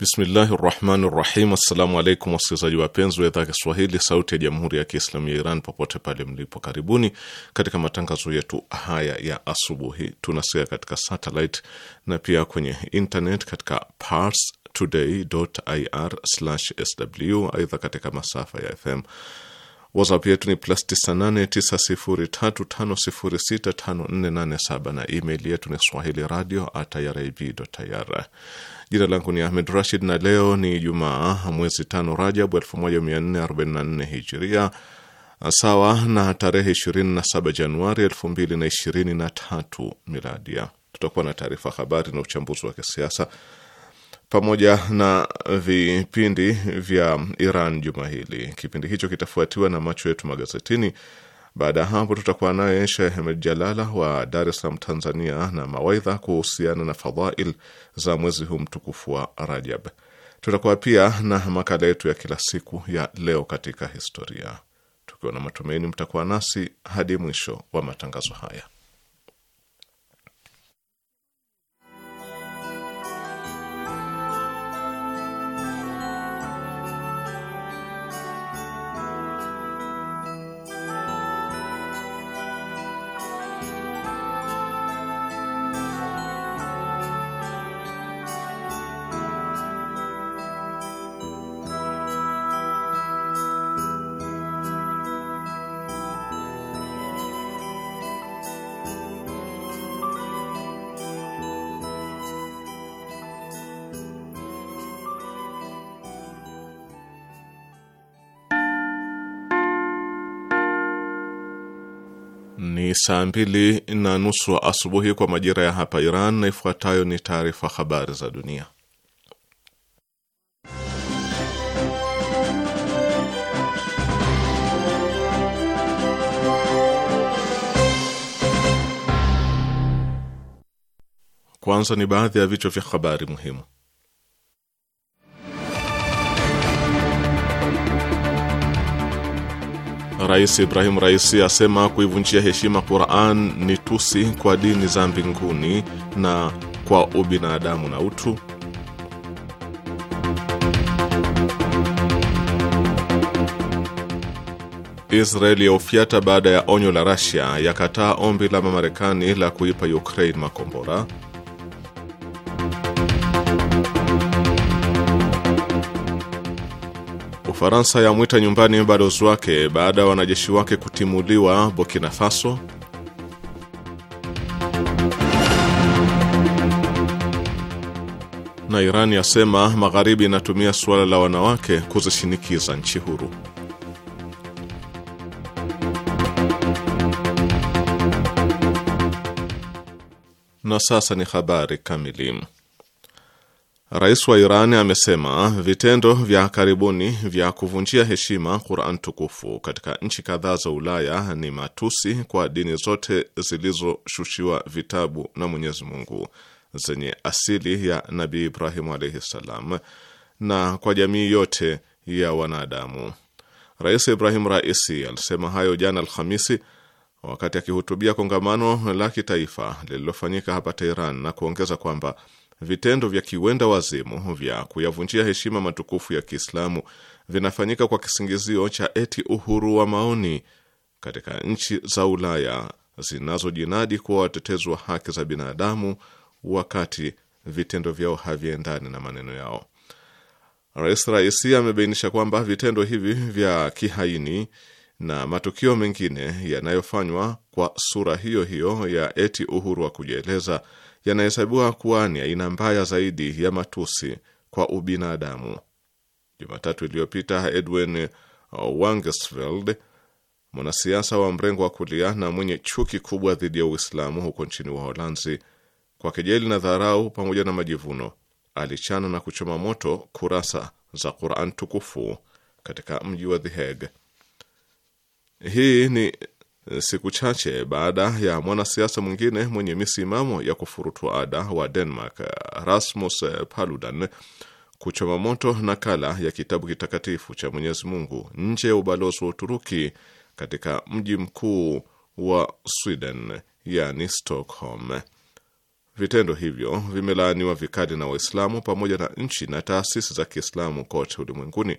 Bismillahi rahmani rahim. Assalamu alaikum wasikilizaji wapenzi wa idhaa Kiswahili sauti ya jamhuri ya kiislamu ya Iran popote pale mlipo, karibuni katika matangazo yetu haya ya asubuhi. Tunasikia katika satellite na pia kwenye internet katika parstoday.ir/sw, aidha katika masafa ya FM WhatsApp yetu ni plus 989035065487 na email yetu ni swahili radio at irib.ir. Jina langu ni Ahmed Rashid na leo ni Jumaa mwezi tano Rajab 1444 Hijiria, sawa na tarehe 27 Januari 2023 Miladia. Tutakuwa na taarifa habari na uchambuzi wa kisiasa pamoja na vipindi vya Iran juma hili. Kipindi hicho kitafuatiwa na macho yetu magazetini. Baada ya hapo, tutakuwa naye Shehe Jalala wa Dar es Salaam, Tanzania, na mawaidha kuhusiana na fadhail za mwezi huu mtukufu wa Rajab. Tutakuwa pia na makala yetu ya kila siku ya leo katika historia, tukiwa na matumaini mtakuwa nasi hadi mwisho wa matangazo haya. saa mbili na nusu asubuhi kwa majira ya hapa Iran, na ifuatayo ni taarifa habari za dunia. Kwanza ni baadhi ya vichwa vya habari muhimu. Rais Ibrahim Raisi asema kuivunjia heshima Qur'an ni tusi kwa dini za mbinguni na kwa ubinadamu na utu. Israeli yaufyata baada ya onyo la Russia, yakataa ombi la Marekani la kuipa Ukraine makombora. Ufaransa yamwita nyumbani balozi wake baada ya wanajeshi wake kutimuliwa Burkina Faso. Na Iran yasema magharibi inatumia suala la wanawake kuzishinikiza nchi huru. Na sasa ni habari kamili. Rais wa Iran amesema vitendo vya karibuni vya kuvunjia heshima Quran tukufu katika nchi kadhaa za Ulaya ni matusi kwa dini zote zilizoshushiwa vitabu na Mwenyezi Mungu zenye asili ya Nabii Ibrahimu alaihi ssalam na kwa jamii yote ya wanadamu. Rais Ibrahim Raisi alisema hayo jana Alhamisi wakati akihutubia kongamano la kitaifa lililofanyika hapa Teheran na kuongeza kwamba vitendo vya kiwenda wazimu vya kuyavunjia heshima matukufu ya Kiislamu vinafanyika kwa kisingizio cha eti uhuru wa maoni katika nchi za Ulaya zinazojinadi kuwa watetezi wa haki za binadamu, wakati vitendo vyao haviendani na maneno yao. Rais Raisi amebainisha kwamba vitendo hivi vya kihaini na matukio mengine yanayofanywa kwa sura hiyo hiyo ya eti uhuru wa kujieleza yanahesabiwa kuwa ni aina mbaya zaidi ya matusi kwa ubinadamu. Jumatatu iliyopita Edwin Wangesfeld, mwanasiasa wa mrengo wa kulia na mwenye chuki kubwa dhidi ya Uislamu huko nchini waholanzi kwa kejeli na dharau pamoja na majivuno, alichana na kuchoma moto kurasa za Quran tukufu katika mji wa The Hague. Hii ni siku chache baada ya mwanasiasa mwingine mwenye misimamo ya kufurutwa ada wa Denmark, Rasmus Paludan, kuchoma moto nakala ya kitabu kitakatifu cha Mwenyezi Mungu nje ya ubalozi wa Uturuki katika mji mkuu wa Sweden, yani Stockholm. Vitendo hivyo vimelaaniwa vikali na Waislamu pamoja na nchi na taasisi za Kiislamu kote ulimwenguni,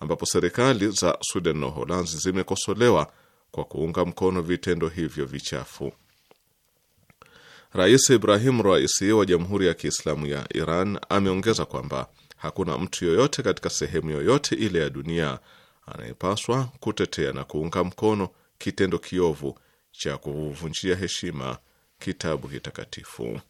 ambapo serikali za Sweden na Uholanzi zimekosolewa kwa kuunga mkono vitendo hivyo vichafu. Rais Ibrahim Raisi wa Jamhuri ya Kiislamu ya Iran ameongeza kwamba hakuna mtu yoyote katika sehemu yoyote ile ya dunia anayepaswa kutetea na kuunga mkono kitendo kiovu cha kuvunjia heshima kitabu kitakatifu.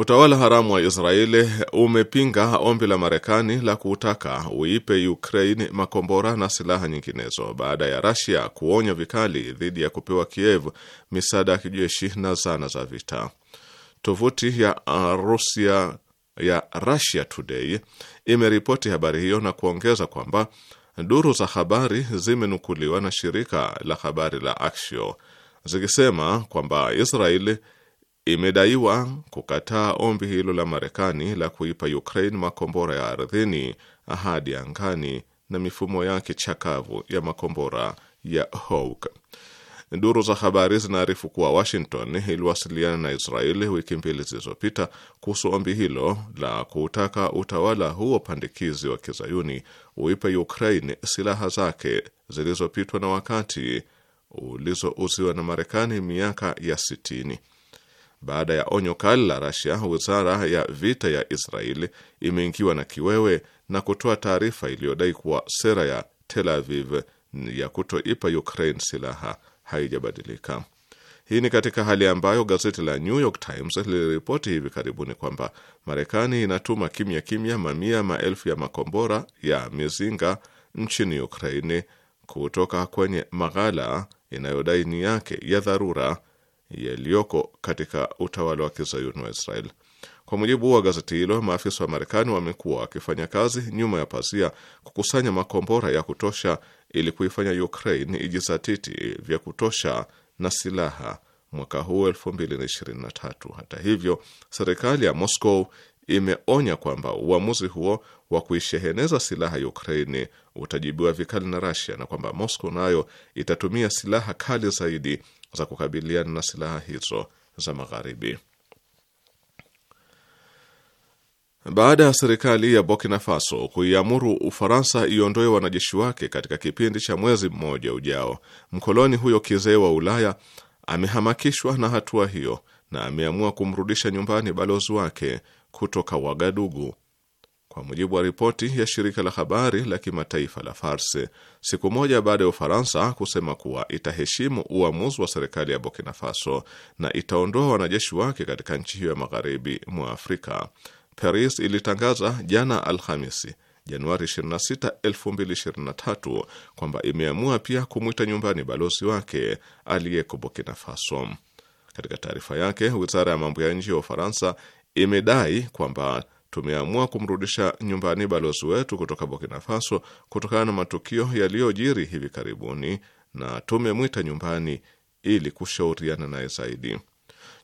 Utawala haramu wa Israeli umepinga ombi la Marekani la kuutaka uipe Ukraine makombora na silaha nyinginezo baada ya Rasia kuonya vikali dhidi ya kupewa Kiev misaada ya kijeshi na zana za vita. Tovuti ya uh, Rusia ya Russia Today imeripoti habari hiyo na kuongeza kwamba duru za habari zimenukuliwa na shirika la habari la Axios zikisema kwamba Israeli imedaiwa kukataa ombi hilo la Marekani la kuipa Ukraine makombora ya ardhini, ahadi angani na mifumo yake chakavu ya makombora ya Hawk. Duru za habari zinaarifu kuwa Washington iliwasiliana na Israeli wiki mbili zilizopita kuhusu ombi hilo la kutaka utawala huo pandikizi wa kizayuni uipe Ukraine silaha zake zilizopitwa na wakati ulizouziwa na Marekani miaka ya sitini. Baada ya onyo kali la Rasia, wizara ya vita ya Israeli imeingiwa na kiwewe na kutoa taarifa iliyodai kuwa sera ya Tel Aviv ya kutoipa Ukraine silaha haijabadilika. Hii ni katika hali ambayo gazeti la New York Times liliripoti hivi karibuni kwamba Marekani inatuma kimya kimya mamia maelfu ya makombora ya mizinga nchini Ukraini kutoka kwenye maghala inayodai ni yake ya dharura yaliyoko katika utawala wa kizayuni wa Israel. Kwa mujibu wa gazeti hilo, maafisa wa Marekani wamekuwa wakifanya kazi nyuma ya pazia kukusanya makombora ya kutosha ili kuifanya Ukraine ijizatiti vya kutosha na silaha mwaka huu 2023. Hata hivyo, serikali ya Moscow imeonya kwamba uamuzi huo wa kuisheheneza silaha Ukraini utajibiwa vikali na Russia na kwamba Moscow nayo itatumia silaha kali zaidi za kukabiliana na silaha hizo za Magharibi. Baada ya serikali ya Burkina Faso kuiamuru Ufaransa iondoe wanajeshi wake katika kipindi cha mwezi mmoja ujao, mkoloni huyo kizee wa Ulaya amehamakishwa na hatua hiyo na ameamua kumrudisha nyumbani balozi wake kutoka Wagadugu kwa mujibu wa ripoti ya shirika la habari la kimataifa la Farse, siku moja baada ya Ufaransa kusema kuwa itaheshimu uamuzi wa serikali ya Burkina Faso na itaondoa wanajeshi wake katika nchi hiyo ya magharibi mwa Afrika, Paris ilitangaza jana Alhamisi, Januari 26, 2023 kwamba imeamua pia kumwita nyumbani balozi wake aliyeko Burkina Faso. Katika taarifa yake, wizara ya mambo ya nje ya Ufaransa imedai kwamba tumeamua kumrudisha nyumbani balozi wetu kutoka Burkina Faso kutokana na matukio yaliyojiri hivi karibuni na tumemwita nyumbani ili kushauriana naye zaidi.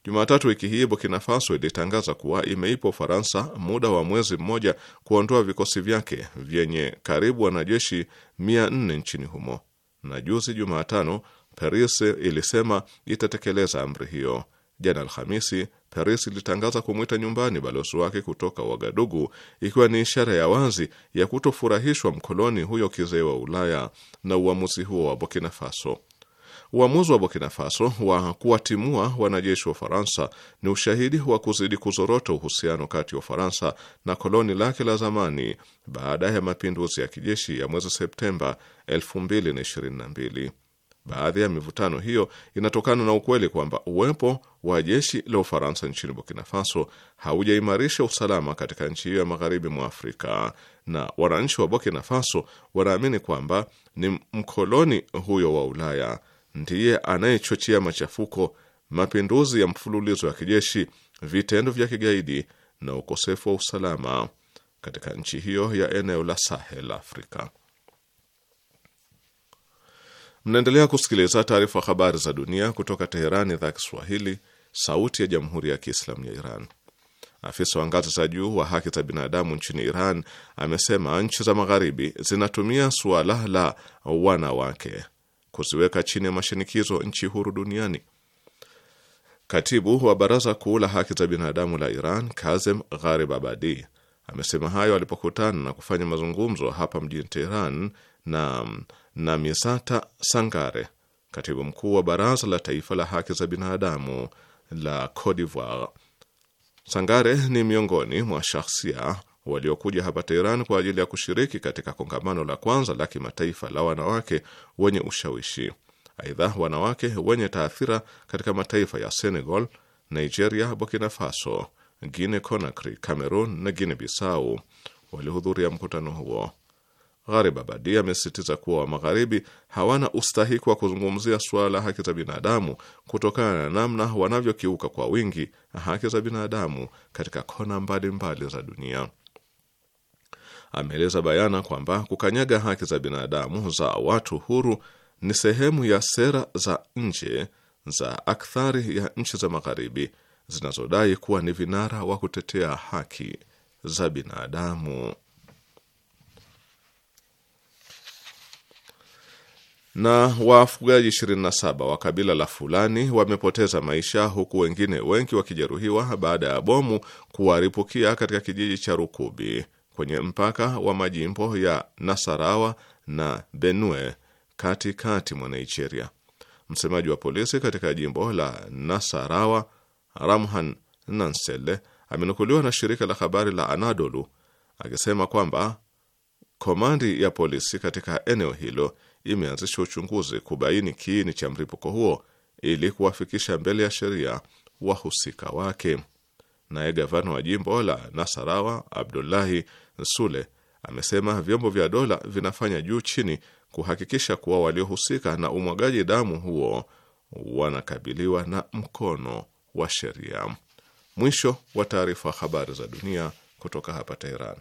Jumatatu wiki hii Burkina Faso ilitangaza kuwa imeipa Ufaransa muda wa mwezi mmoja kuondoa vikosi vyake vyenye karibu wanajeshi mia nne nchini humo, na juzi Jumatano Paris ilisema itatekeleza amri hiyo. Jana Alhamisi Paris ilitangaza kumwita nyumbani balozi wake kutoka Wagadugu, ikiwa ni ishara ya wazi ya kutofurahishwa mkoloni huyo kizee wa Ulaya na uamuzi huo wa Burkina Faso. Uamuzi wa Burkina Faso wa kuwatimua wanajeshi wa Ufaransa ni ushahidi wa kuzidi kuzorota uhusiano kati ya Ufaransa na koloni lake la zamani baada ya mapinduzi ya kijeshi ya mwezi Septemba 2022. Baadhi ya mivutano hiyo inatokana na ukweli kwamba uwepo wa jeshi la Ufaransa nchini Burkina Faso haujaimarisha usalama katika nchi hiyo ya magharibi mwa Afrika, na wananchi wa Burkina Faso wanaamini kwamba ni mkoloni huyo wa Ulaya ndiye anayechochea machafuko, mapinduzi ya mfululizo ya kijeshi, vitendo vya kigaidi na ukosefu wa usalama katika nchi hiyo ya eneo la Sahel Afrika. Mnaendelea kusikiliza taarifa habari za dunia kutoka Teherani, idhaa Kiswahili, sauti ya jamhuri ya kiislamu ya Iran. Afisa wa ngazi za juu wa haki za binadamu nchini Iran amesema nchi za Magharibi zinatumia suala la wanawake kuziweka chini ya mashinikizo nchi huru duniani. Katibu wa baraza kuu la haki za binadamu la Iran Kazem Gharib Abadi amesema hayo alipokutana na kufanya mazungumzo hapa mjini Teheran na na Misata Sangare, katibu mkuu wa Baraza la Taifa la Haki za Binadamu la Cote d'Ivoire. Sangare ni miongoni mwa shahsia waliokuja hapa Teheran kwa ajili ya kushiriki katika kongamano la kwanza la kimataifa la wanawake wenye ushawishi. Aidha, wanawake wenye taathira katika mataifa ya Senegal, Nigeria, Burkina Faso, Guinea Conakry, Cameroon na Guinea Bissau walihudhuria mkutano huo. Abadi amesisitiza kuwa wa Magharibi hawana ustahiki wa kuzungumzia suala la haki za binadamu kutokana na namna wanavyokiuka kwa wingi haki za binadamu katika kona mbalimbali mbali za dunia. Ameeleza bayana kwamba kukanyaga haki za binadamu za watu huru ni sehemu ya sera za nje za akthari ya nchi za Magharibi zinazodai kuwa ni vinara wa kutetea haki za binadamu. na wafugaji 27 wa kabila la Fulani wamepoteza maisha huku wengine wengi wakijeruhiwa baada ya bomu kuwaripukia katika kijiji cha Rukubi kwenye mpaka wa majimbo ya Nasarawa na Benue katikati mwa Nigeria. Msemaji wa polisi katika jimbo la Nasarawa, Ramhan Nansele, amenukuliwa na shirika la habari la Anadolu akisema kwamba Komandi ya polisi katika eneo hilo imeanzisha uchunguzi kubaini kiini cha mlipuko huo ili kuwafikisha mbele ya sheria wahusika wake. Naye gavana wa jimbo la Nasarawa Abdullahi Sule amesema vyombo vya dola vinafanya juu chini kuhakikisha kuwa waliohusika na umwagaji damu huo wanakabiliwa na mkono wa sheria. Mwisho wa taarifa. Habari za dunia kutoka hapa Teheran.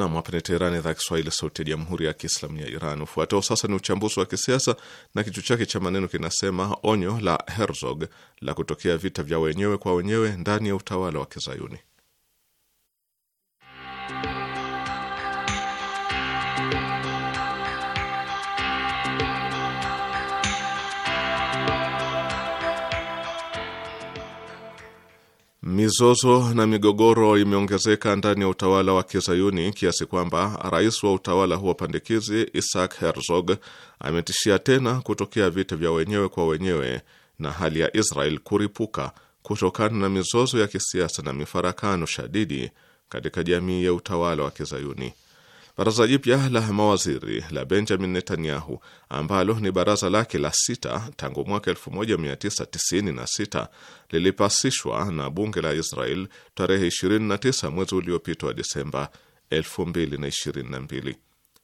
Nam, hapa ni Teherani, idhaa Kiswahili, sauti ya jamhuri ya kiislamu ya Iran. Ufuatao sasa ni uchambuzi wa kisiasa na kichwa chake cha maneno kinasema onyo la Herzog la kutokea vita vya wenyewe kwa wenyewe ndani ya utawala wa Kizayuni. Mizozo na migogoro imeongezeka ndani ya utawala wa kizayuni kiasi kwamba rais wa utawala huo pandikizi Isaac Herzog ametishia tena kutokea vita vya wenyewe kwa wenyewe na hali ya Israel kuripuka kutokana na mizozo ya kisiasa na mifarakano shadidi katika jamii ya utawala wa kizayuni. Baraza jipya la mawaziri la Benjamin Netanyahu, ambalo ni baraza lake la sita tangu mwaka 1996 lilipasishwa na bunge la Israel tarehe 29 mwezi uliopita wa Disemba 2022.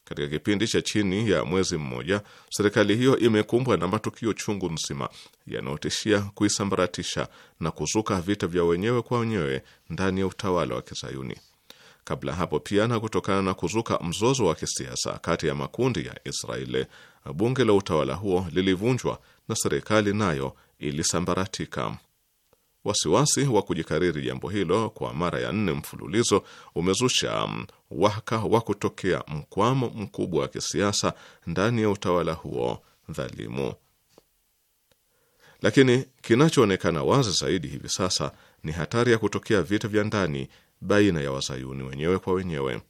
Katika kipindi cha chini ya mwezi mmoja, serikali hiyo imekumbwa na matukio chungu nzima yanayotishia kuisambaratisha na kuzuka vita vya wenyewe kwa wenyewe ndani ya utawala wa Kizayuni kabla hapo pia, na kutokana na kuzuka mzozo wa kisiasa kati ya makundi ya Israeli, bunge la utawala huo lilivunjwa na serikali nayo ilisambaratika. Wasiwasi wa kujikariri jambo hilo kwa mara ya nne mfululizo umezusha um, waka wa kutokea mkwamo mkubwa wa kisiasa ndani ya utawala huo dhalimu. Lakini kinachoonekana wazi zaidi hivi sasa ni hatari ya kutokea vita vya ndani baina ya wazayuni wenyewe kwa wenyewe.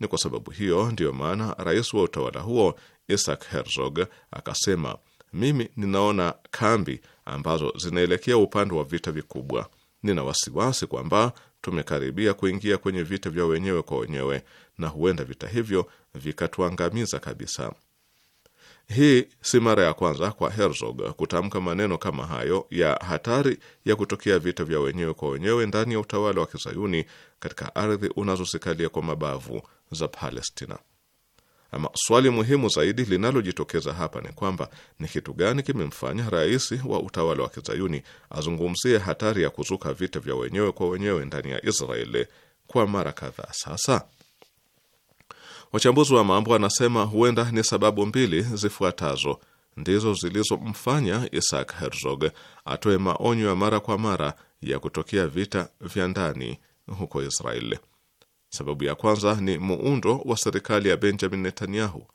Ni kwa sababu hiyo ndiyo maana rais wa utawala huo Isaac Herzog akasema, mimi ninaona kambi ambazo zinaelekea upande wa vita vikubwa. Nina wasiwasi kwamba tumekaribia kuingia kwenye vita vya wenyewe kwa wenyewe, na huenda vita hivyo vikatuangamiza kabisa. Hii si mara ya kwanza kwa Herzog kutamka maneno kama hayo ya hatari ya kutokea vita vya wenyewe kwa wenyewe ndani ya utawala wa kizayuni katika ardhi unazozikalia kwa mabavu za Palestina. Ama swali muhimu zaidi linalojitokeza hapa ni kwamba ni kitu gani kimemfanya rais wa utawala wa kizayuni azungumzie hatari ya kuzuka vita vya wenyewe kwa wenyewe ndani ya Israeli kwa mara kadhaa sasa? Wachambuzi wa mambo wanasema huenda ni sababu mbili zifuatazo ndizo zilizomfanya Isaac Herzog atoe maonyo ya mara kwa mara ya kutokea vita vya ndani huko Israeli. Sababu ya kwanza ni muundo wa serikali ya Benjamin Netanyahu.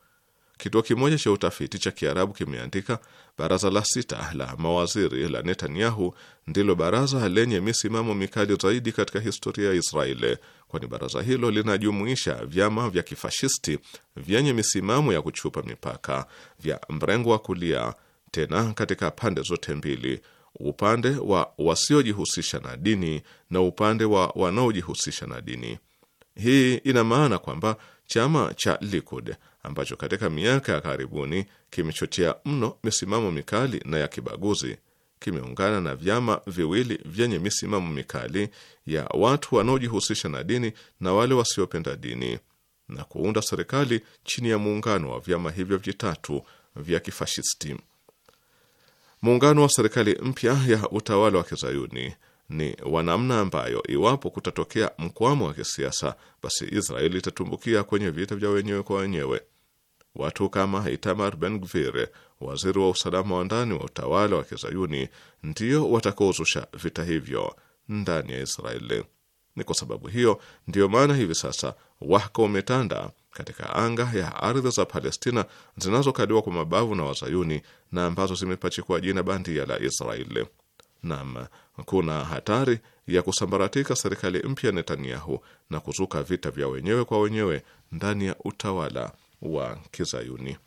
Kituo kimoja cha utafiti cha Kiarabu kimeandika baraza la sita la mawaziri la Netanyahu ndilo baraza lenye misimamo mikali zaidi katika historia ya Israeli kwani baraza hilo linajumuisha vyama vya kifashisti vyenye misimamo ya kuchupa mipaka vya mrengo wa kulia, tena katika pande zote mbili, upande wa wasiojihusisha na dini na upande wa wanaojihusisha na dini. Hii ina maana kwamba chama cha Likud ambacho katika miaka ya karibuni kimechochea mno misimamo mikali na ya kibaguzi kimeungana na vyama viwili vyenye misimamo mikali ya watu wanaojihusisha na dini na wale wasiopenda dini na kuunda serikali chini ya muungano wa vyama hivyo vitatu vya kifashisti. Muungano wa serikali mpya ya utawala wa kizayuni ni wa namna ambayo iwapo kutatokea mkwamo wa kisiasa, basi Israeli itatumbukia kwenye vita vya wenyewe kwa wenyewe. Watu kama Itamar Ben Gvir waziri wa usalama wa ndani wa utawala wa kizayuni ndiyo watakaozusha vita hivyo ndani ya Israeli. Ni kwa sababu hiyo ndiyo maana hivi sasa wahaka umetanda katika anga ya ardhi za Palestina zinazokaliwa kwa mabavu na wazayuni na ambazo zimepachikwa jina bandia la Israeli. Naam, kuna hatari ya kusambaratika serikali mpya Netanyahu na kuzuka vita vya wenyewe kwa wenyewe ndani ya utawala wa kizayuni.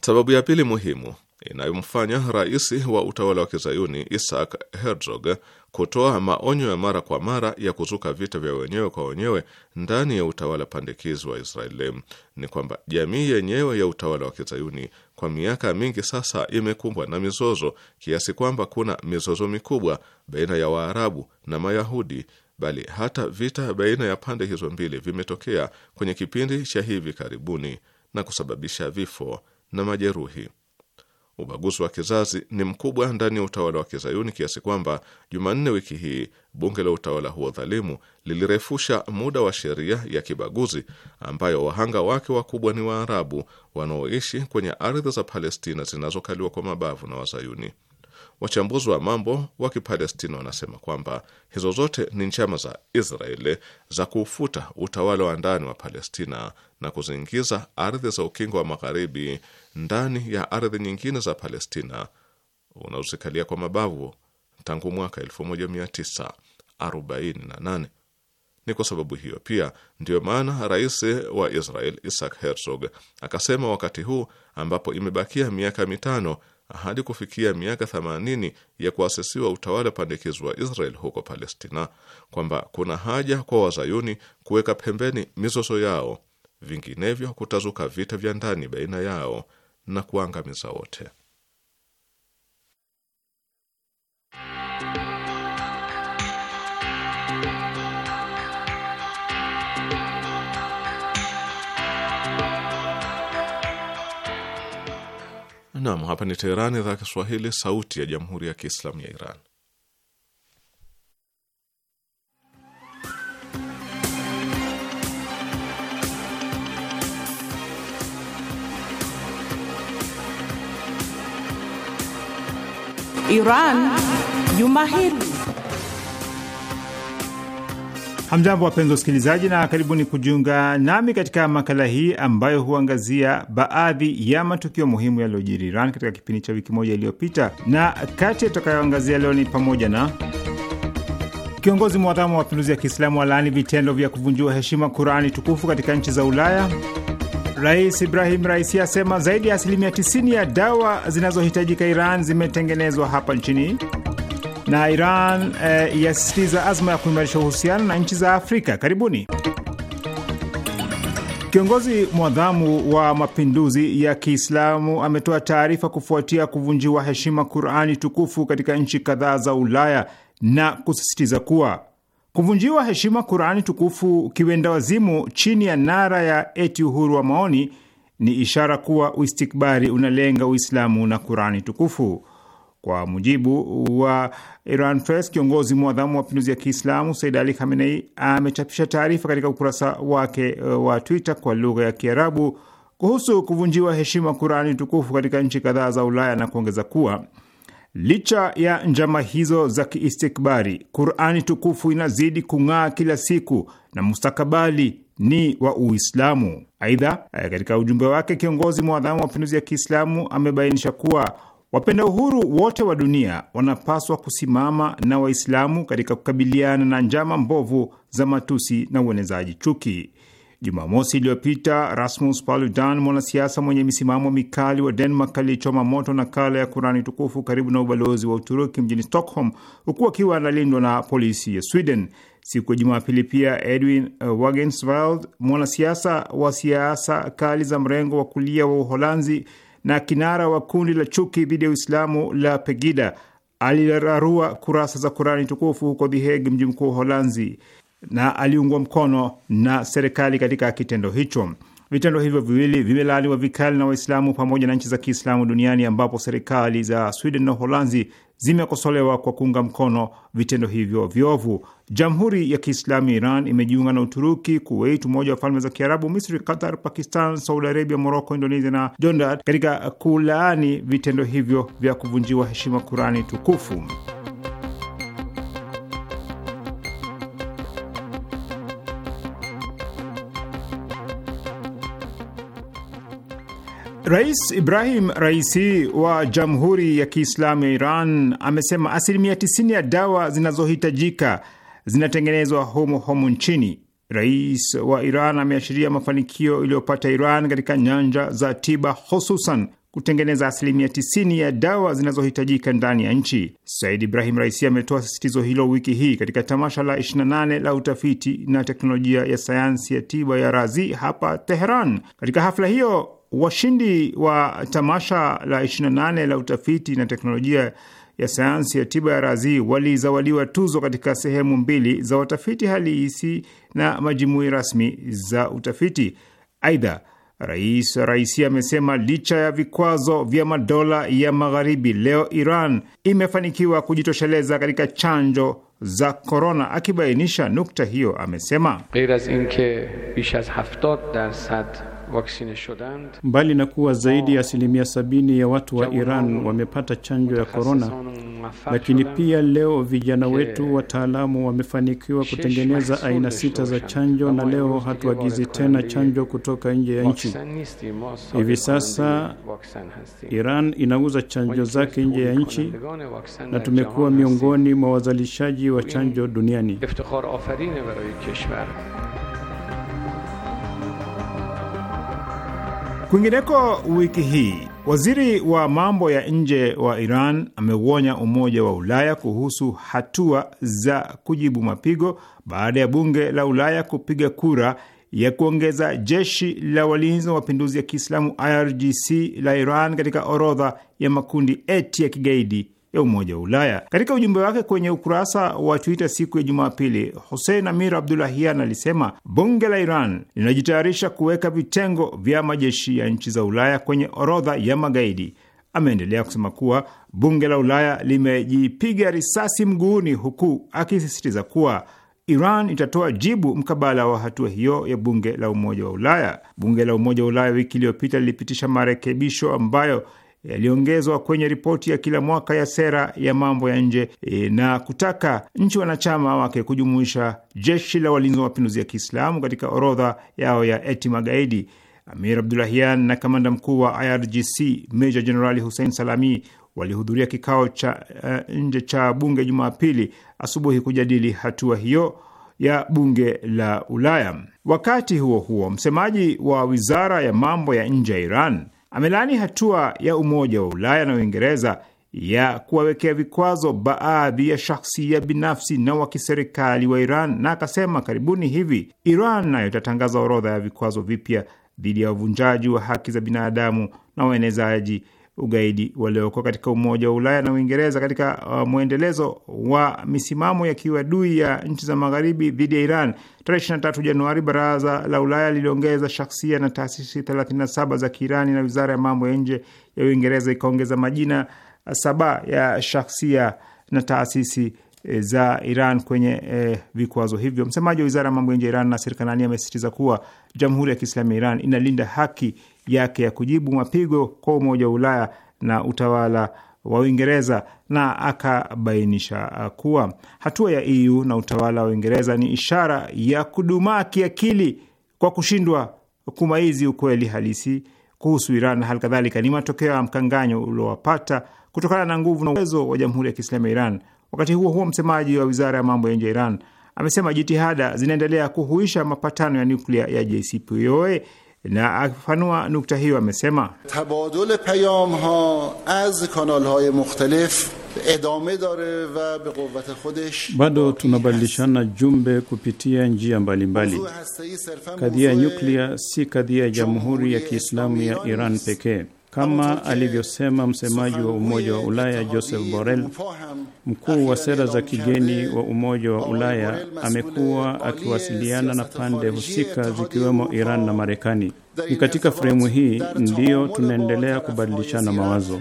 Sababu ya pili muhimu inayomfanya rais wa utawala wa kizayuni Isaac Herzog kutoa maonyo ya mara kwa mara ya kuzuka vita vya wenyewe kwa wenyewe ndani ya utawala pandikizi wa Israeli ni kwamba jamii yenyewe ya utawala wa kizayuni kwa miaka mingi sasa imekumbwa na mizozo kiasi kwamba kuna mizozo mikubwa baina ya Waarabu na Mayahudi, bali hata vita baina ya pande hizo mbili vimetokea kwenye kipindi cha hivi karibuni na kusababisha vifo na majeruhi. Ubaguzi wa kizazi ni mkubwa ndani ya utawala wa kizayuni kiasi kwamba Jumanne wiki hii bunge la utawala huo dhalimu lilirefusha muda wa sheria ya kibaguzi ambayo wahanga wake wakubwa ni Waarabu wanaoishi kwenye ardhi za Palestina zinazokaliwa kwa mabavu na Wazayuni. Wachambuzi wa mambo wa Kipalestina wanasema kwamba hizo zote ni njama za Israeli za kuufuta utawala wa ndani wa Palestina na kuzingiza ardhi za ukingo wa magharibi ndani ya ardhi nyingine za Palestina unaozikalia kwa mabavu tangu mwaka 1948. Ni kwa sababu hiyo pia ndiyo maana rais wa Israel Isaac Herzog akasema wakati huu ambapo imebakia miaka mitano hadi kufikia miaka 80 ya kuasisiwa utawala pandikizi wa Israel huko Palestina kwamba kuna haja kwa wazayuni kuweka pembeni mizozo yao vinginevyo kutazuka vita vya ndani baina yao na kuangamiza wote. nam hapa ni Teherani, idhaa ya Kiswahili, sauti ya jamhuri ya kiislamu ya Iran. Iran juma hili. Hamjambo, wapenzi usikilizaji na karibuni kujiunga nami katika makala hii ambayo huangazia baadhi ya matukio muhimu yaliyojiri Iran katika kipindi cha wiki moja iliyopita, na kati ya tutakayoangazia leo ni pamoja na kiongozi mwadhamu wa mapinduzi ya Kiislamu alaani vitendo vya kuvunjiwa heshima Qurani tukufu katika nchi za Ulaya Rais Ibrahim Raisi asema zaidi ya asilimia 90 ya dawa zinazohitajika Iran zimetengenezwa hapa nchini, na Iran eh, yasisitiza azma ya kuimarisha uhusiano na nchi za Afrika. Karibuni. Kiongozi mwadhamu wa mapinduzi ya Kiislamu ametoa taarifa kufuatia kuvunjiwa heshima Qurani tukufu katika nchi kadhaa za Ulaya na kusisitiza kuwa Kuvunjiwa heshima Qurani tukufu kiwendawazimu chini ya nara ya eti uhuru wa maoni ni ishara kuwa uistikbari unalenga Uislamu na Qurani tukufu. Kwa mujibu wa Iran Press, kiongozi mwadhamu wa mapinduzi ya Kiislamu Said Ali Khamenei amechapisha taarifa katika ukurasa wake uh, wa Twitter kwa lugha ya Kiarabu kuhusu kuvunjiwa heshima Qurani tukufu katika nchi kadhaa za Ulaya na kuongeza kuwa Licha ya njama hizo za kiistikbari, Qurani tukufu inazidi kung'aa kila siku na mustakabali ni wa Uislamu. Aidha, eh, katika ujumbe wake, kiongozi mwadhamu wa mapinduzi ya Kiislamu amebainisha kuwa wapenda uhuru wote wa dunia wanapaswa kusimama na Waislamu katika kukabiliana na njama mbovu za matusi na uenezaji chuki. Jumamosi iliyopita Rasmus Paludan, mwanasiasa mwenye misimamo mikali wa Denmark, aliyechoma moto nakala ya Kurani tukufu karibu na ubalozi wa Uturuki mjini Stockholm, huku akiwa analindwa na polisi ya Sweden. Siku ya Jumapili pia Edwin eh, Wagensveld, mwanasiasa wa siasa kali za mrengo wa kulia wa Uholanzi na kinara wa kundi la chuki dhidi ya Uislamu la Pegida, alirarua kurasa za Kurani tukufu huko The Hague, mji mkuu wa Uholanzi na aliungwa mkono na serikali katika kitendo hicho. Vitendo hivyo viwili vimelaaniwa vikali na Waislamu pamoja na nchi za Kiislamu duniani ambapo serikali za Sweden na Uholanzi zimekosolewa kwa kuunga mkono vitendo hivyo viovu. Jamhuri ya Kiislamu Iran imejiunga na Uturuki, Kuwait, Umoja wa Falme za Kiarabu, Misri, Qatar, Pakistan, Saudi Arabia, Moroko, Indonesia na Jordan katika kulaani vitendo hivyo vya kuvunjiwa heshima Kurani tukufu. Rais Ibrahim Raisi wa Jamhuri ya Kiislamu ya Iran amesema asilimia 90 ya dawa zinazohitajika zinatengenezwa humo humo nchini. Rais wa Iran ameashiria mafanikio iliyopata Iran katika nyanja za tiba, hususan kutengeneza asilimia 90 ya dawa zinazohitajika ndani ya nchi. Said Ibrahim Raisi ametoa sisitizo hilo wiki hii katika tamasha la 28 la utafiti na teknolojia ya sayansi ya tiba ya Razi hapa Teheran. Katika hafla hiyo Washindi wa tamasha la 28 la utafiti na teknolojia ya sayansi ya tiba ya Razi walizawadiwa tuzo katika sehemu mbili za watafiti halisi na majimui rasmi za utafiti. Aidha, Rais Raisi amesema licha ya vikwazo vya madola ya Magharibi, leo Iran imefanikiwa kujitosheleza katika chanjo za korona. Akibainisha nukta hiyo, amesema Ghair az inke bish az darsad mbali na kuwa zaidi ya asilimia sabini ya watu wa Iran wamepata chanjo ya korona, lakini pia leo vijana wetu wataalamu wamefanikiwa kutengeneza aina sita za chanjo, na leo hatuagizi tena chanjo kutoka nje ya nchi. Hivi sasa Iran inauza chanjo zake nje ya nchi na tumekuwa miongoni mwa wazalishaji wa chanjo duniani. Kwingineko wiki hii waziri wa mambo ya nje wa Iran ameuonya Umoja wa Ulaya kuhusu hatua za kujibu mapigo baada ya bunge la Ulaya kupiga kura ya kuongeza jeshi la walinzi wa mapinduzi ya Kiislamu IRGC la Iran katika orodha ya makundi eti ya kigaidi ya Umoja wa Ulaya. Katika ujumbe wake kwenye ukurasa wa Twitter siku ya Jumapili, Hussein Amir Abdulahian alisema bunge la Iran linajitayarisha kuweka vitengo vya majeshi ya nchi za Ulaya kwenye orodha ya magaidi. Ameendelea kusema kuwa bunge la Ulaya limejipiga risasi mguuni, huku akisisitiza kuwa Iran itatoa jibu mkabala wa hatua hiyo ya bunge la Umoja wa Ulaya. Bunge la Umoja wa Ulaya wiki iliyopita lilipitisha marekebisho ambayo yaliongezwa kwenye ripoti ya kila mwaka ya sera ya mambo ya nje e, na kutaka nchi wanachama wake kujumuisha jeshi la walinzi wa mapinduzi ya Kiislamu katika orodha yao ya eti magaidi. Amir Abdulahian na kamanda mkuu wa IRGC Meja Jenerali Hussein Salami walihudhuria kikao cha uh, nje cha bunge Jumapili asubuhi kujadili hatua hiyo ya bunge la Ulaya. Wakati huo huo, msemaji wa wizara ya mambo ya nje ya Iran amelaani hatua ya Umoja wa Ulaya na Uingereza ya kuwawekea vikwazo baadhi ya shahsia binafsi na wa kiserikali wa Iran na akasema karibuni hivi Iran nayo itatangaza orodha ya vikwazo vipya dhidi ya wavunjaji wa haki za binadamu na waenezaji ugaidi walioko katika Umoja wa Ulaya na Uingereza katika uh, mwendelezo wa misimamo ya kiwadui ya nchi za magharibi dhidi ya Iran. Tarehe 23 Januari, baraza la Ulaya liliongeza shaksia na taasisi 37 za Kiirani na wizara ya mambo ya nje ya Uingereza ikaongeza majina saba ya shaksia na taasisi E, za Iran kwenye e, vikwazo hivyo. Msemaji wa wizara ya mambo ya nje ya Iran Nasir Kanani amesisitiza kuwa Jamhuri ya Kiislamu ya Iran inalinda haki yake ya kujibu mapigo kwa Umoja wa Ulaya na utawala wa Uingereza na akabainisha kuwa hatua ya EU na utawala wa Uingereza ni ishara ya kudumaa kiakili kwa kushindwa kumaizi ukweli halisi kuhusu Iran na hali kadhalika ni matokeo ya mkanganyo uliowapata kutokana na nguvu na uwezo wa Jamhuri ya Kiislamu ya Iran Wakati huo huo, msemaji wa wizara ya mambo ya nje ya Iran amesema jitihada zinaendelea kuhuisha mapatano ya nuklia ya JCPOA na akifafanua nukta hiyo amesema bado tunabadilishana jumbe kupitia njia mbalimbali. Kadhia ya nyuklia si kadhia ya Jamhuri ya Kiislamu ya Iran pekee, kama alivyosema msemaji wa Umoja wa Ulaya Joseph Borrell, mkuu wa sera za kigeni wa Umoja wa Ulaya amekuwa akiwasiliana na pande husika zikiwemo Iran na Marekani. Ni katika fremu hii ndiyo tunaendelea kubadilishana mawazo.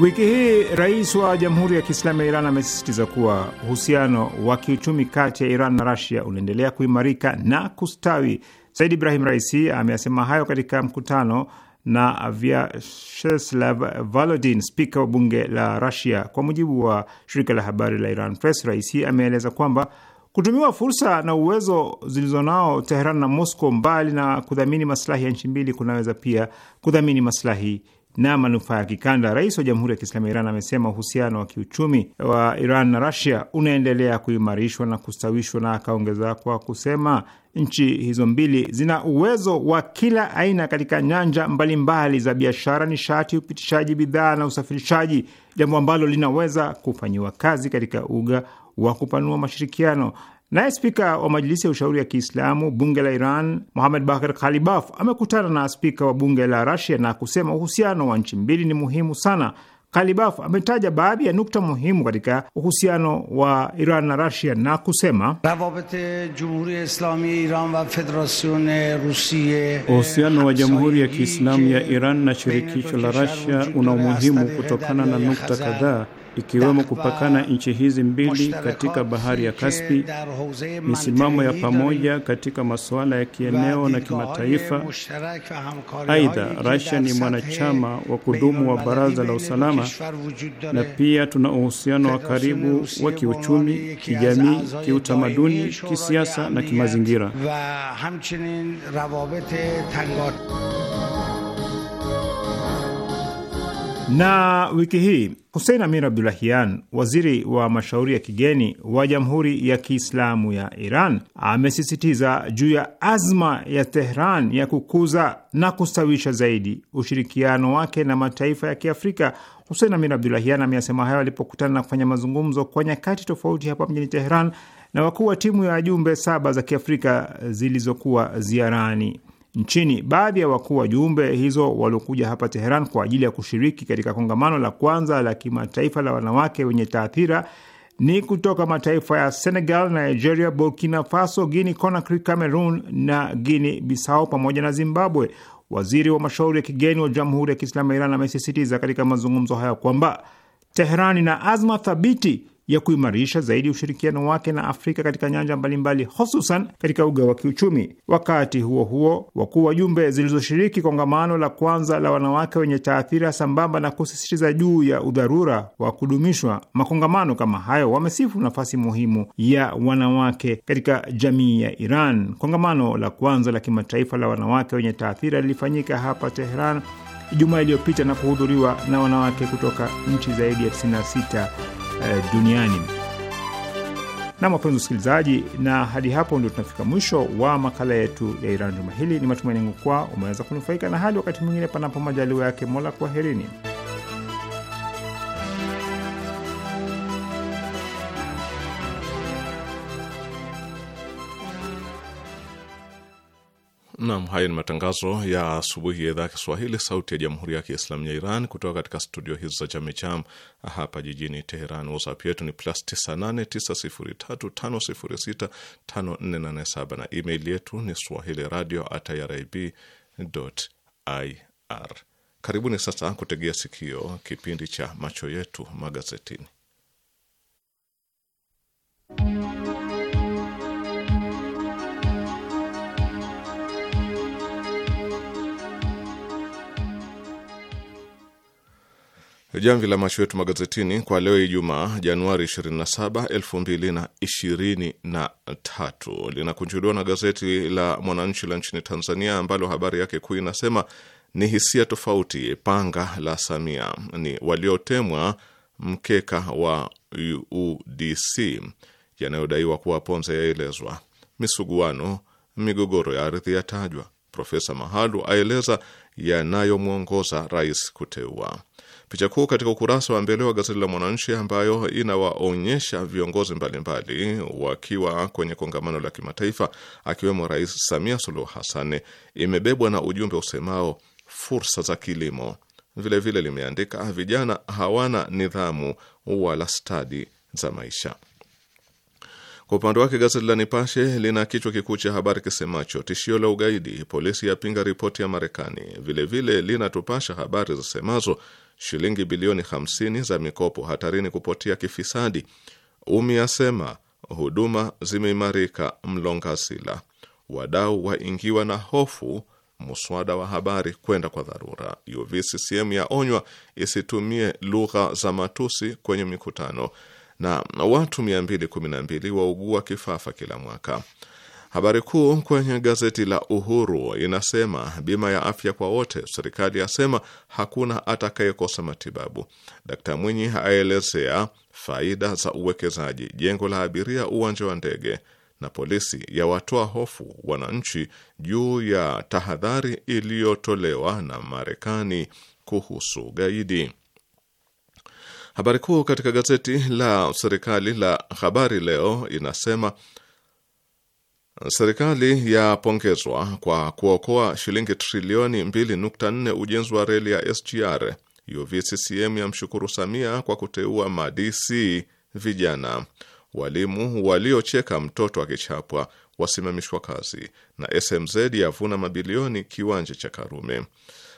Wiki hii rais wa Jamhuri ya Kiislamu ya Iran amesisitiza kuwa uhusiano wa kiuchumi kati ya Iran na Rasia unaendelea kuimarika na kustawi. Said Ibrahim Raisi ameyasema hayo katika mkutano na Vyacheslav Volodin, spika wa bunge la Rasia. Kwa mujibu wa shirika la habari la Iran Press, Raisi ameeleza kwamba kutumiwa fursa na uwezo zilizonao Teheran na Moscow, mbali na kudhamini maslahi ya nchi mbili, kunaweza pia kudhamini maslahi na manufaa ya kikanda. Rais wa Jamhuri ya Kiislamu ya Iran amesema uhusiano wa kiuchumi wa Iran na Rasia unaendelea kuimarishwa na kustawishwa, na akaongeza kwa kusema nchi hizo mbili zina uwezo wa kila aina katika nyanja mbalimbali mbali za biashara, nishati, upitishaji bidhaa na usafirishaji, jambo ambalo linaweza kufanyiwa kazi katika uga wa kupanua mashirikiano. Naye spika wa Majilisi ya Ushauri ya Kiislamu, bunge la Iran, muhamed Bakar khalibaf amekutana na spika wa bunge la Rasia na kusema uhusiano wa nchi mbili ni muhimu sana. khalibaf ametaja baadhi ya nukta muhimu katika uhusiano wa Iran na Rasia na kusema uhusiano wa Jamhuri ya Kiislamu ya Iran na shirikisho la Rasia una umuhimu kutokana na nukta kadhaa ikiwemo kupakana nchi hizi mbili katika bahari ya Kaspi, misimamo ya pamoja katika masuala ya kieneo na kimataifa. Aidha, Russia ni mwanachama wa kudumu wa Baraza la Usalama na pia tuna uhusiano wa karibu wa kiuchumi, kijamii, kiutamaduni, kisiasa na kimazingira. Na wiki hii Hussein Amir Abdulahian, waziri wa mashauri ya kigeni wa Jamhuri ya Kiislamu ya Iran, amesisitiza juu ya azma ya Tehran ya kukuza na kustawisha zaidi ushirikiano wake na mataifa ya Kiafrika. Hussein Amir Abdulahian ameyasema hayo alipokutana na kufanya mazungumzo kwa nyakati tofauti hapa mjini Tehran na wakuu wa timu ya jumbe saba za Kiafrika zilizokuwa ziarani nchini. Baadhi ya wakuu wa jumbe hizo waliokuja hapa Teheran kwa ajili ya kushiriki katika kongamano la kwanza la kimataifa la wanawake wenye taathira ni kutoka mataifa ya Senegal, Nigeria, Burkina Faso, guini Conakry, Cameroon na guini Bissau pamoja na Zimbabwe. Waziri wa mashauri ya kigeni wa Jamhuri ya Kiislamu ya Iran amesisitiza katika mazungumzo hayo kwamba teheran ina azma thabiti ya kuimarisha zaidi ushirikiano wake na Afrika katika nyanja mbalimbali, hususan katika uga wa kiuchumi. Wakati huo huo, wakuu wajumbe zilizoshiriki kongamano la kwanza la wanawake wenye taathira, sambamba na kusisitiza juu ya udharura wa kudumishwa makongamano kama hayo, wamesifu nafasi muhimu ya wanawake katika jamii ya Iran. Kongamano la kwanza la kimataifa la wanawake wenye taathira lilifanyika hapa Teheran Ijumaa iliyopita na kuhudhuriwa na wanawake kutoka nchi zaidi ya 96 Eh, duniani. Na wapenzi usikilizaji, na hadi hapo ndio tunafika mwisho wa makala yetu ya Iran juma hili. Ni matumaini yangu kuwa umeweza kunufaika na hali. Wakati mwingine, panapo majaliwa yake Mola, kwaherini. Nam, haya ni matangazo ya asubuhi ya idhaa ya Kiswahili, sauti ya jamhuri ya kiislamu ya Iran, kutoka katika studio hizi za Chamicham hapa jijini Teheran. WhatsApp yetu ni plus 989035065487 na email yetu ni swahili radio at irib ir. Karibuni sasa kutegea sikio kipindi cha macho yetu magazetini Jamvi la macho yetu magazetini kwa leo Ijumaa, Januari 27, 2023 linakunjuliwa na gazeti la Mwananchi la nchini Tanzania, ambalo habari yake kuu inasema ni hisia tofauti, panga la Samia ni waliotemwa mkeka wa UDC, yanayodaiwa kuwa ponze yaelezwa, misuguano migogoro ya ardhi yatajwa, Profesa Mahalu aeleza yanayomwongoza rais kuteua Picha kuu katika ukurasa wa mbele wa gazeti la Mwananchi ambayo inawaonyesha viongozi mbalimbali wakiwa kwenye kongamano la kimataifa akiwemo Rais Samia Suluhu Hassan imebebwa na ujumbe usemao fursa za kilimo. Vilevile vile limeandika vijana hawana nidhamu wala stadi za maisha. Kwa upande wake gazeti la Nipashe lina kichwa kikuu cha habari kisemacho tishio la ugaidi, polisi yapinga ripoti ya Marekani. Vilevile linatupasha habari zisemazo shilingi bilioni 50 za mikopo hatarini kupotea kifisadi. Umi asema huduma zimeimarika Mlongasila, wadau waingiwa na hofu Muswada wa habari kwenda kwa dharura. UVCCM yaonywa isitumie lugha za matusi kwenye mikutano, na watu 212 waugua kifafa kila mwaka. Habari kuu kwenye gazeti la Uhuru inasema bima ya afya kwa wote, serikali yasema hakuna atakayekosa matibabu. Dkt Mwinyi aelezea faida za uwekezaji jengo la abiria, uwanja wa ndege, na polisi yawatoa hofu wananchi juu ya tahadhari iliyotolewa na Marekani kuhusu gaidi. Habari kuu katika gazeti la serikali la Habari Leo inasema Serikali yapongezwa kwa kuokoa shilingi trilioni 2.4 ujenzi wa reli ya SGR. UVCCM yamshukuru Samia kwa kuteua madc vijana. Walimu waliocheka mtoto akichapwa wasimamishwa kazi, na SMZ yavuna mabilioni kiwanja cha Karume.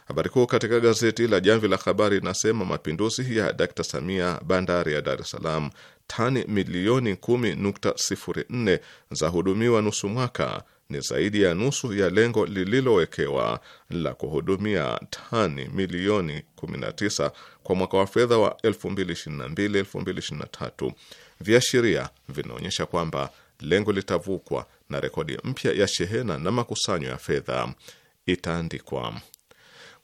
Habari kuu katika gazeti la Jamvi la Habari inasema mapinduzi ya Dkt Samia bandari ya Dar es Salaam, tani milioni 10.04 za hudumiwa nusu mwaka ni zaidi ya nusu ya lengo lililowekewa la kuhudumia tani milioni 19 kwa mwaka wa fedha wa 2022/2023. Viashiria vinaonyesha kwamba lengo litavukwa na rekodi mpya ya shehena na makusanyo ya fedha itaandikwa.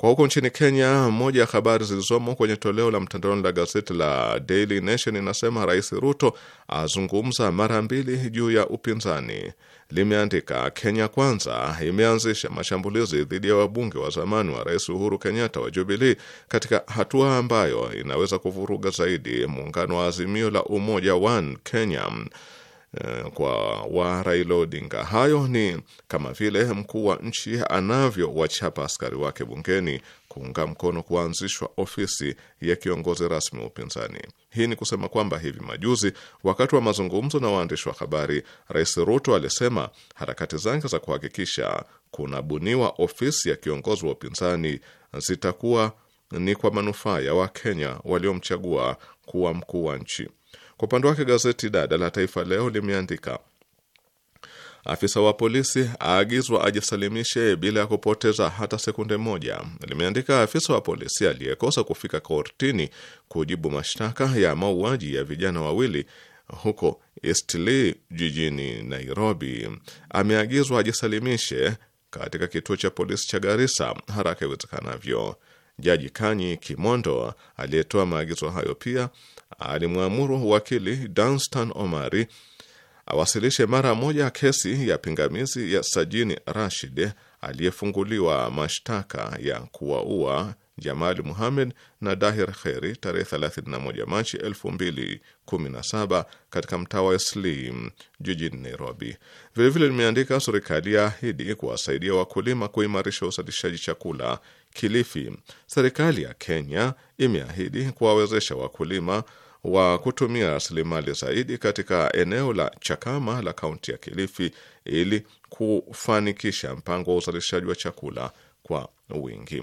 Kwa huko nchini Kenya, moja ya habari zilizomo kwenye toleo la mtandaoni la gazeti la Daily Nation inasema Rais Ruto azungumza mara mbili juu ya upinzani. Limeandika, Kenya Kwanza imeanzisha mashambulizi dhidi ya wabunge wa zamani wa Rais Uhuru Kenyatta wa Jubilee katika hatua ambayo inaweza kuvuruga zaidi muungano wa Azimio la Umoja One Kenya. Eh, kwa wa Raila Odinga. Hayo ni kama vile mkuu wa nchi anavyowachapa askari wake bungeni kuunga mkono kuanzishwa ofisi ya kiongozi rasmi wa upinzani. Hii ni kusema kwamba hivi majuzi, wakati wa mazungumzo na waandishi wa habari, Rais Ruto alisema harakati zake za kuhakikisha kunabuniwa ofisi ya kiongozi wa upinzani zitakuwa ni kwa manufaa ya Wakenya waliomchagua kuwa mkuu wa nchi. Kwa upande wake gazeti dada la Taifa Leo limeandika afisa wa polisi aagizwa ajisalimishe bila ya kupoteza hata sekunde moja. Limeandika afisa wa polisi aliyekosa kufika kortini kujibu mashtaka ya mauaji ya vijana wawili huko Eastleigh jijini Nairobi ameagizwa ajisalimishe katika kituo cha polisi cha Garissa haraka iwezekanavyo. Jaji Kanyi Kimondo aliyetoa maagizo hayo pia alimwamuru wakili Danstan Omari awasilishe mara moja kesi ya pingamizi ya Sajini Rashid aliyefunguliwa mashtaka ya kuwaua jamal muhammed na Dahir Kheri tarehe 31 Machi 2017 katika mtaa wa Slim jijini Nairobi. Vilevile limeandika serikali ya kuwasaidia wakulima kuimarisha uzalishaji chakula Kilifi. Serikali ya Kenya imeahidi kuwawezesha wakulima wa kutumia rasilimali zaidi katika eneo la Chakama la kaunti ya Kilifi ili kufanikisha mpango wa uzalishaji wa chakula kwa wingi.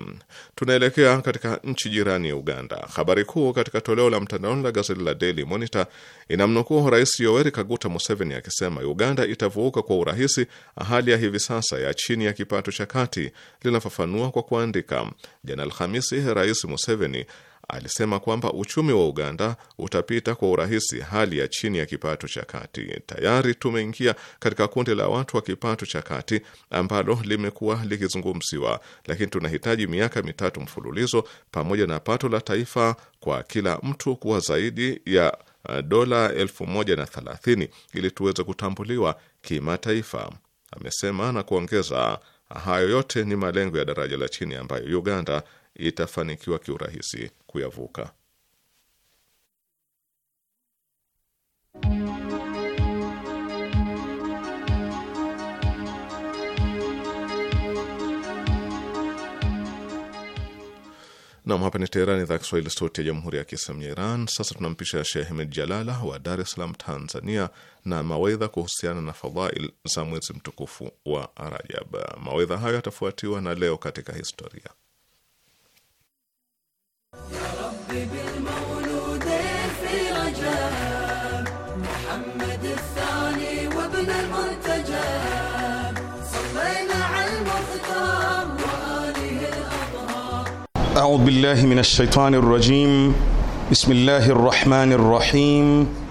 Tunaelekea katika nchi jirani ya Uganda. Habari kuu katika toleo la mtandaoni la gazeti la Daily Monitor inamnukuu Rais Yoweri Kaguta Museveni akisema Uganda itavuka kwa urahisi hali ya hivi sasa ya chini ya kipato cha kati. Linafafanua kwa kuandika, jana Alhamisi, Rais Museveni alisema kwamba uchumi wa Uganda utapita kwa urahisi hali ya chini ya kipato cha kati. Tayari tumeingia katika kundi la watu wa kipato cha kati ambalo limekuwa likizungumziwa, lakini tunahitaji miaka mitatu mfululizo pamoja na pato la taifa kwa kila mtu kuwa zaidi ya uh, dola elfu moja na thelathini ili tuweze kutambuliwa kimataifa, amesema na kuongeza, hayo yote ni malengo ya daraja la chini ambayo Uganda itafanikiwa kiurahisi kuyavuka. Nam, hapa ni Teherani, idhaa Kiswahili, sauti ya jamhuri ya kiislamu ya Iran. Sasa tunampisha Sheh Ahmed Jalala wa Dar es Salaam, Tanzania, na mawaidha kuhusiana na fadhail za mwezi mtukufu wa Rajab. Mawaidha hayo yatafuatiwa na leo katika historia. المولودين في محمد الثاني وابن صلينا على المختار وآله الأطهار أعوذ بالله من الشيطان الرجيم بسم الله الرحمن الرحيم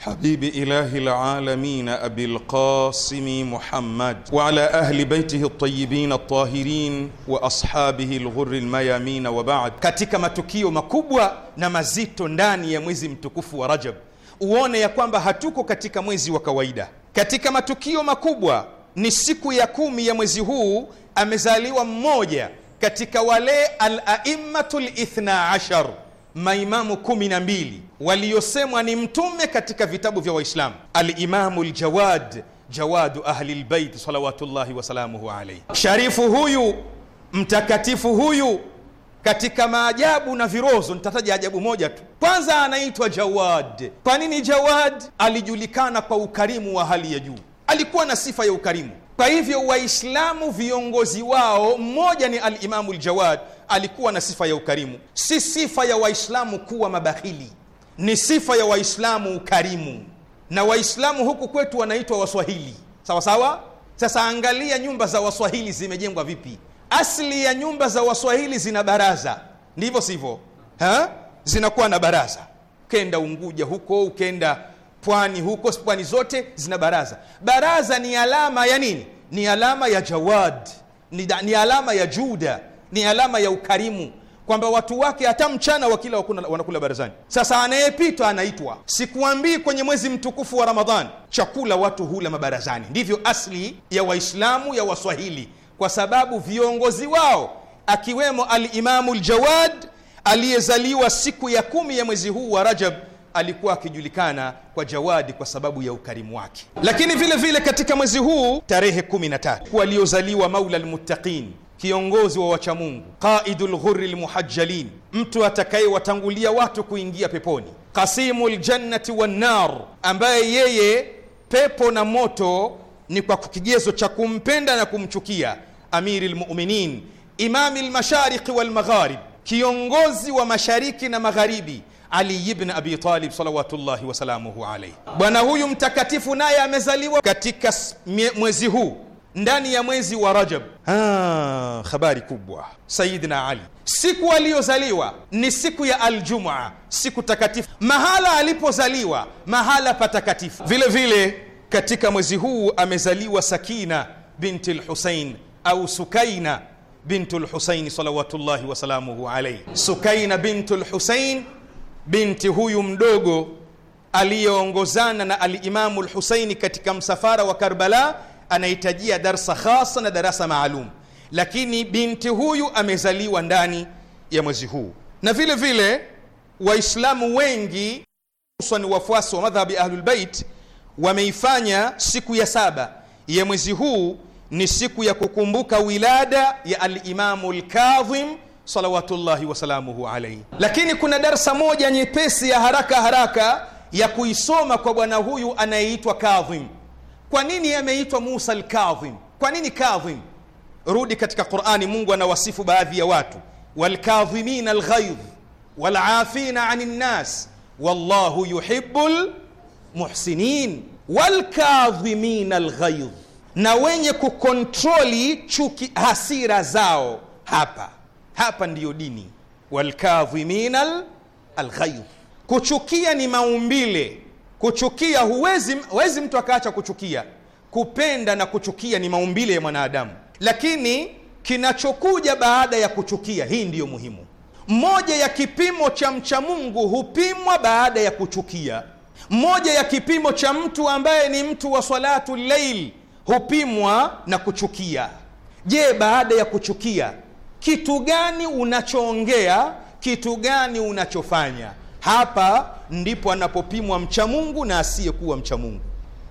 حبيب إله العالمين أبي القاسم محمد وعلى أهل بيته الطيبين الطاهرين وأصحابه الغر الميامين وبعد katika matukio makubwa na mazito ndani ya mwezi mtukufu wa Rajab uone ya kwamba hatuko katika mwezi wa kawaida katika matukio makubwa ni siku ya kumi ya mwezi huu amezaliwa mmoja katika wale al-aimmatul ithna maimamu kumi na mbili waliosemwa ni mtume katika vitabu vya Waislamu, Alimamu Ljawad, jawadu ahli lbait salawatullahi wasalamuhu alaihi. Sharifu huyu mtakatifu huyu, katika maajabu na virozo nitataja ajabu moja tu. Kwanza anaitwa Jawad. Kwa nini Jawad? Alijulikana kwa ukarimu wa hali ya juu, alikuwa na sifa ya ukarimu. Kwa hivyo Waislamu viongozi wao mmoja ni Alimamu Ljawad alikuwa na sifa ya ukarimu. Si sifa ya Waislamu kuwa mabakhili, ni sifa ya Waislamu ukarimu. Na Waislamu huku kwetu wanaitwa Waswahili, sawa sawa. Sasa angalia nyumba za Waswahili zimejengwa vipi? Asili ya nyumba za Waswahili zina baraza, ndivyo sivyo? Zinakuwa na baraza. Ukenda Unguja huko, ukenda pwani huko, pwani zote zina baraza. Baraza ni alama ya nini? Ni alama ya jawad, ni, ni alama ya juda ni alama ya ukarimu kwamba watu wake hata mchana wakila wakuna, wanakula barazani. Sasa anayepita anaitwa. Sikuambii kwenye mwezi mtukufu wa Ramadhani chakula watu hula mabarazani, ndivyo asli ya Waislamu ya Waswahili, kwa sababu viongozi wao akiwemo Alimamu Ljawad aliyezaliwa siku ya kumi ya mwezi huu wa Rajab alikuwa akijulikana kwa Jawadi kwa sababu ya ukarimu wake. Lakini vile vile katika mwezi huu tarehe 13 waliozaliwa Maula Almuttaqin kiongozi wa wachamungu, qaidul lghuri lmuhajjalin, mtu atakayewatangulia watu kuingia peponi, qasimu ljannati wannar, ambaye yeye pepo na moto ni kwa kigezo cha kumpenda na kumchukia, amiri lmuminin, imami lmashariki walmagharib, kiongozi wa mashariki na magharibi, ali ibn abi Talib salawatullahi wasalamuhu alaihi. Bwana huyu mtakatifu naye amezaliwa katika mwezi huu ndani ya mwezi wa Rajab. Ah, habari kubwa. Sayidina Ali siku aliyozaliwa ni siku ya Aljumua, siku takatifu, mahala alipozaliwa mahala patakatifu. Vile vile katika mwezi huu amezaliwa Sakina binti Lhusain au Sukaina bintu Lhusaini salawatullahi wasalamuhu alaihi. Sukaina bintu Lhusain, binti huyu mdogo aliyeongozana na Alimamu Lhusaini katika msafara wa Karbala anahitajia darsa khasa na darasa maalum, lakini binti huyu amezaliwa ndani ya mwezi huu. Na vile vile Waislamu wengi hususan wafuasi wa madhhabi Ahlulbeit wameifanya siku ya saba ya mwezi huu ni siku ya kukumbuka wilada ya Alimamu Lkadhim salawatullahi wasalamuhu alaihi. Lakini kuna darsa moja nyepesi ya haraka haraka ya kuisoma kwa bwana huyu anayeitwa Kadhim. Kwa nini ameitwa Musa al-Kadhim? Kwa nini kadhim? Rudi katika Qur'ani, Mungu anawasifu baadhi ya watu, walkadhimina alghaidh walafina anin nas wallahu yuhibbul muhsinin. Walkadhimina alghaidh, na wenye kukontroli chuki, hasira zao. Hapa hapa ndiyo dini. Walkadhimina alghaidh, kuchukia ni maumbile kuchukia huwezi, huwezi mtu akaacha kuchukia. Kupenda na kuchukia ni maumbile ya mwanadamu, lakini kinachokuja baada ya kuchukia, hii ndiyo muhimu. Moja ya kipimo cha mcha Mungu hupimwa baada ya kuchukia. Moja ya kipimo cha mtu ambaye ni mtu wa salatu lail hupimwa na kuchukia. Je, baada ya kuchukia kitu gani unachoongea? Kitu gani unachofanya? Hapa ndipo anapopimwa mcha Mungu na asiyekuwa mcha Mungu.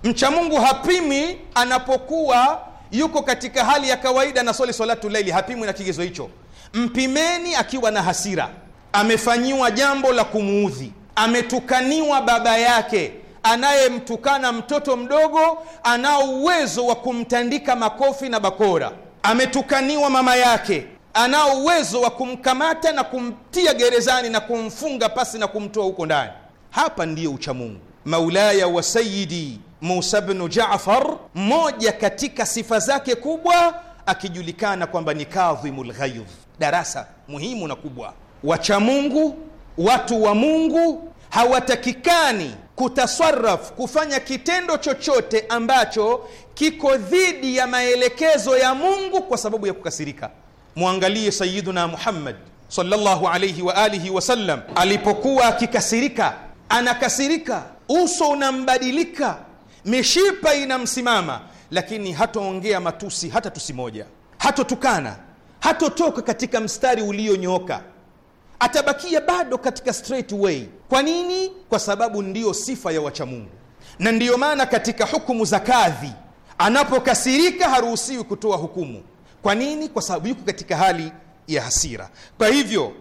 Mcha Mungu hapimi anapokuwa yuko katika hali ya kawaida na soli salatu laili, hapimwi na kigezo hicho. Mpimeni akiwa na hasira, amefanyiwa jambo la kumuudhi, ametukaniwa baba yake anayemtukana mtoto mdogo, anao uwezo wa kumtandika makofi na bakora, ametukaniwa mama yake anao uwezo wa kumkamata na kumtia gerezani na kumfunga pasi na kumtoa huko ndani. Hapa ndiyo uchamungu. Maulaya wa Sayidi Musa bnu Jafar, moja katika sifa zake kubwa akijulikana kwamba ni kadhimu lghaidh. Darasa muhimu na kubwa. Wachamungu, watu wa Mungu hawatakikani kutaswaraf, kufanya kitendo chochote ambacho kiko dhidi ya maelekezo ya Mungu kwa sababu ya kukasirika mwangalie Sayyiduna Muhammad sallallahu alayhi wa alihi sallam, alipokuwa akikasirika, anakasirika, uso unambadilika, mishipa inamsimama, lakini hatoongea matusi hata tusi moja, hatotukana, hatotoka katika mstari ulionyooka, atabakia bado katika straight way. Kwa nini? Kwa sababu ndiyo sifa ya wachamungu, na ndiyo maana katika hukumu za kadhi anapokasirika haruhusiwi kutoa hukumu kwa nini? Kwa sababu yuko katika hali ya hasira. Kwa hivyo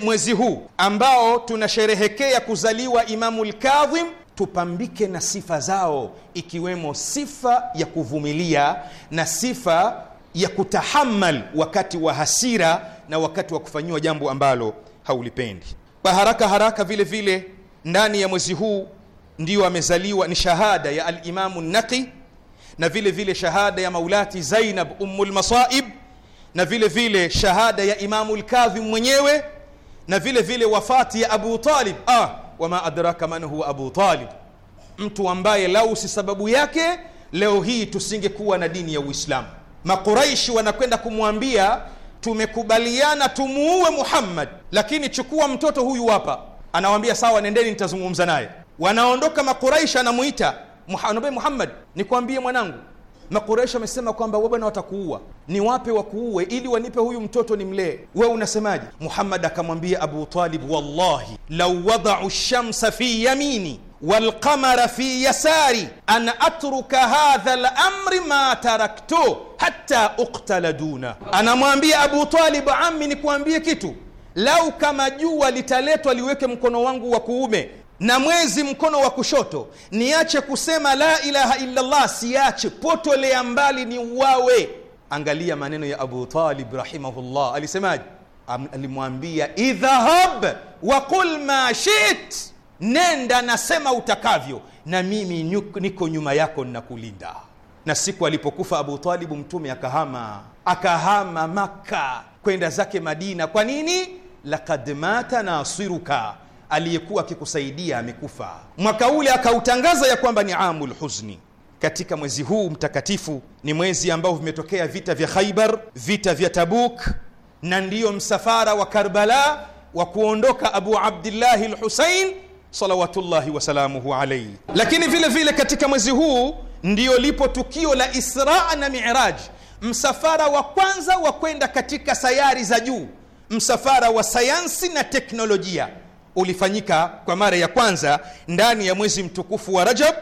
mwezi huu ambao tunasherehekea kuzaliwa imamu lkadhim tupambike na sifa zao, ikiwemo sifa ya kuvumilia na sifa ya kutahamal wakati wa hasira na wakati wa kufanyiwa jambo ambalo haulipendi kwa haraka haraka. Vile vile ndani ya mwezi huu ndiyo amezaliwa, ni shahada ya Alimamu Naqi na vile vile shahada ya maulati Zainab ummul masaib na vile vile shahada ya Imamu lkadhim mwenyewe na vile vile wafati ya Abu Talib. Ah, wama adraka man huwa Abu Talib, mtu ambaye lau si sababu yake leo hii tusingekuwa na dini ya Uislamu. Makuraishi wanakwenda kumwambia tumekubaliana tumuue Muhammad, lakini chukua mtoto huyu hapa. Anawambia sawa, nendeni, nitazungumza naye. Wanaondoka Makuraishi, anamuita Nabii Muhammad, nikwambie mwanangu, Makureshi amesema kwamba wewe bwana, watakuua ni wape wakuue, ili wanipe huyu mtoto nimlee, we unasemaje? Muhammad akamwambia Abu Talib, wallahi lau wadau shamsa fi yamini walqamara fi yasari an atruka hadha lamri ma taraktu hata uktala duna. Anamwambia Abu Talib, ami, nikuambie kitu, lau kama jua litaletwa liweke mkono wangu wa kuume na mwezi mkono wa kushoto niache kusema la ilaha illallah siache potolea mbali ni uwawe angalia maneno ya abu talib rahimahullah alisemaje alimwambia idhahab wa qul ma shit nenda nasema utakavyo na mimi niko nyuma yako nnakulinda na siku alipokufa abu talibu mtume akahama akahama Makka kwenda zake madina kwa nini lakad mata nasiruka aliyekuwa akikusaidia amekufa. Mwaka ule akautangaza ya kwamba ni amul huzni. Katika mwezi huu mtakatifu ni mwezi ambao vimetokea vita vya Khaibar, vita vya Tabuk, na ndiyo msafara wa Karbala wa kuondoka Abu Abdillahi Lhusain salawatullahi wasalamuhu alaihi. Lakini vile vile katika mwezi huu ndiyo lipo tukio la Israa na Miraj, msafara wa kwanza wa kwenda katika sayari za juu, msafara wa sayansi na teknolojia ulifanyika kwa mara ya kwanza ndani ya mwezi mtukufu wa Rajab.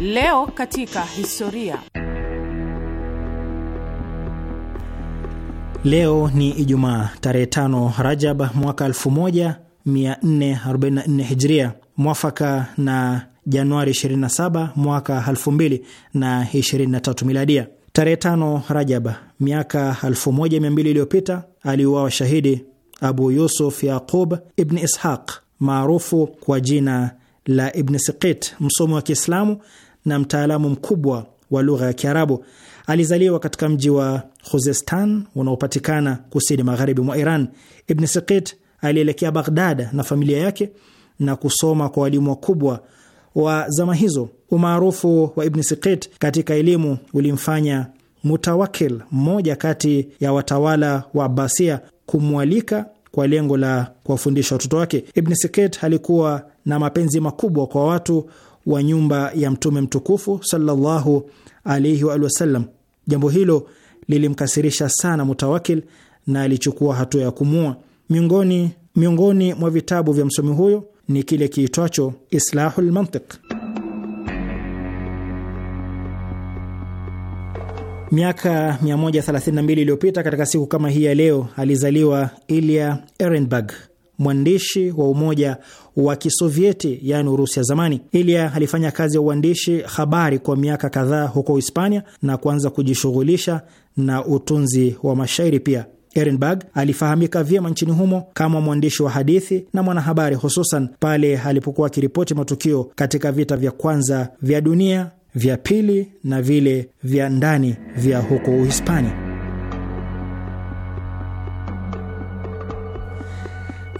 Leo katika historia Leo ni Ijumaa tarehe 5 Rajab mwaka 1444 Hijria, mwafaka na Januari 27 mwaka 2023 Miladia. Tarehe tano Rajab miaka 1200 iliyopita aliuawa shahidi Abu Yusuf Yaqub Ibn Ishaq maarufu kwa jina la Ibn Siqit, msomi wa Kiislamu na mtaalamu mkubwa wa lugha ya Kiarabu. Alizaliwa katika mji wa Khuzestan unaopatikana kusini magharibi mwa Iran. Ibn Siqit alielekea Baghdad na familia yake na kusoma kwa walimu wakubwa wa zama hizo. Umaarufu wa Ibn Siqit katika elimu ulimfanya Mutawakil, mmoja kati ya watawala wa Abbasia, kumwalika kwa lengo la kuwafundisha watoto wake. Ibn Siqit alikuwa na mapenzi makubwa kwa watu wa nyumba ya Mtume mtukufu sallallahu alaihi wa sallam. Jambo hilo lilimkasirisha sana Mutawakil na alichukua hatua ya kumua. Miongoni miongoni mwa vitabu vya msomi huyo ni kile kiitwacho Islahu Mantiq. Miaka 132 iliyopita katika siku kama hii ya leo alizaliwa Ilya erenberg mwandishi wa Umoja wa Kisovieti, yaani Urusi ya zamani. Ilya alifanya kazi ya uandishi habari kwa miaka kadhaa huko Hispania na kuanza kujishughulisha na utunzi wa mashairi pia. Ehrenberg alifahamika vyema nchini humo kama mwandishi wa hadithi na mwanahabari, hususan pale alipokuwa akiripoti matukio katika vita vya kwanza vya dunia, vya pili na vile vya ndani vya huko Uhispania.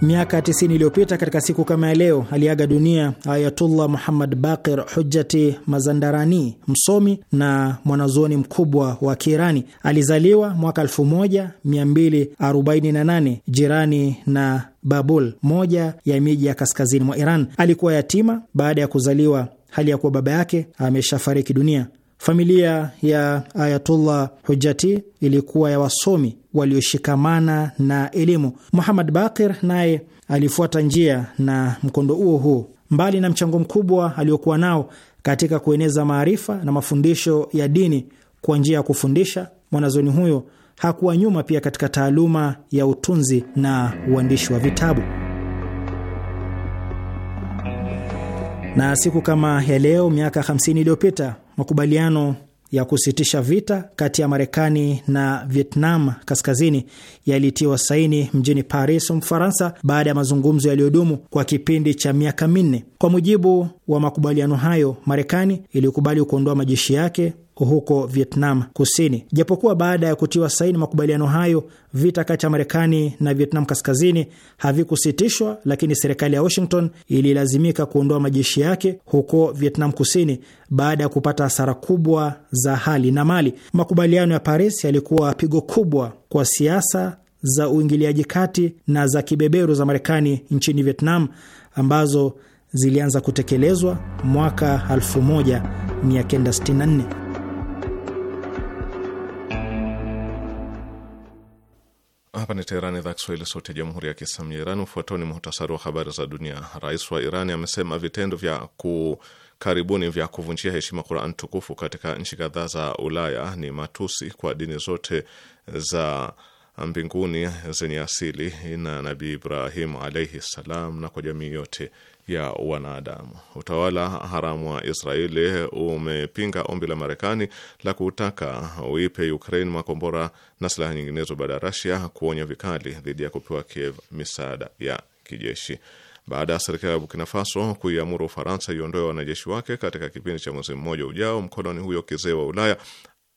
Miaka 90 iliyopita katika siku kama ya leo aliaga dunia Ayatullah Muhammad Baqir Hujjati Mazandarani, msomi na mwanazuoni mkubwa wa Kiirani. Alizaliwa mwaka 1248 jirani na Babul, moja ya miji ya kaskazini mwa Iran. Alikuwa yatima baada ya kuzaliwa hali ya kuwa baba yake ameshafariki dunia. Familia ya Ayatullah hujati ilikuwa ya wasomi walioshikamana na elimu. Muhammad Bakir naye alifuata njia na mkondo huo huo. Mbali na mchango mkubwa aliokuwa nao katika kueneza maarifa na mafundisho ya dini kwa njia ya kufundisha, mwanazoni huyo hakuwa nyuma pia katika taaluma ya utunzi na uandishi wa vitabu. Na siku kama ya leo miaka 50 iliyopita makubaliano ya kusitisha vita kati ya Marekani na Vietnam Kaskazini yalitiwa saini mjini Paris, Mfaransa, baada ya mazungumzo yaliyodumu kwa kipindi cha miaka minne. Kwa mujibu wa makubaliano hayo, Marekani ilikubali kuondoa majeshi yake huko Vietnam Kusini. Japokuwa baada ya kutiwa saini makubaliano hayo, vita kati ya Marekani na Vietnam Kaskazini havikusitishwa, lakini serikali ya Washington ililazimika kuondoa majeshi yake huko Vietnam Kusini baada ya kupata hasara kubwa za hali na mali. Makubaliano ya Paris yalikuwa pigo kubwa kwa siasa za uingiliaji kati na za kibeberu za Marekani nchini Vietnam ambazo zilianza kutekelezwa mwaka 1964. Hapa ni Teherani, idhaa Kiswahili, sauti ya jamhuri ya kiislamu ya Iran. Ufuatao ni muhtasari wa habari za dunia. Rais wa Iran amesema vitendo vya kukaribuni vya kuvunjia heshima Quran tukufu katika nchi kadhaa za Ulaya ni matusi kwa dini zote za mbinguni zenye asili na Nabii Ibrahim alaihi ssalam na kwa jamii yote ya wanadamu. Utawala haramu wa Israeli umepinga ombi la Marekani la kutaka uipe Ukraine makombora na silaha nyinginezo baada ya Rasia kuonya vikali dhidi ya kupewa Kiev misaada ya kijeshi baada ya serikali ya Burkina Faso kuiamuru Ufaransa iondoe wanajeshi wake katika kipindi cha mwezi mmoja ujao mkoloni huyo kizee wa Ulaya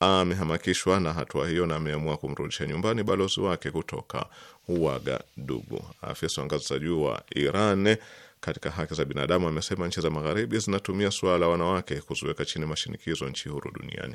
amehamakishwa na hatua hiyo na ameamua kumrudisha nyumbani balozi wake kutoka Uagadugu. Afisa wa ngazi za juu wa Iran katika haki za binadamu amesema nchi za Magharibi zinatumia suala la wanawake kuziweka chini mashinikizo nchi huru duniani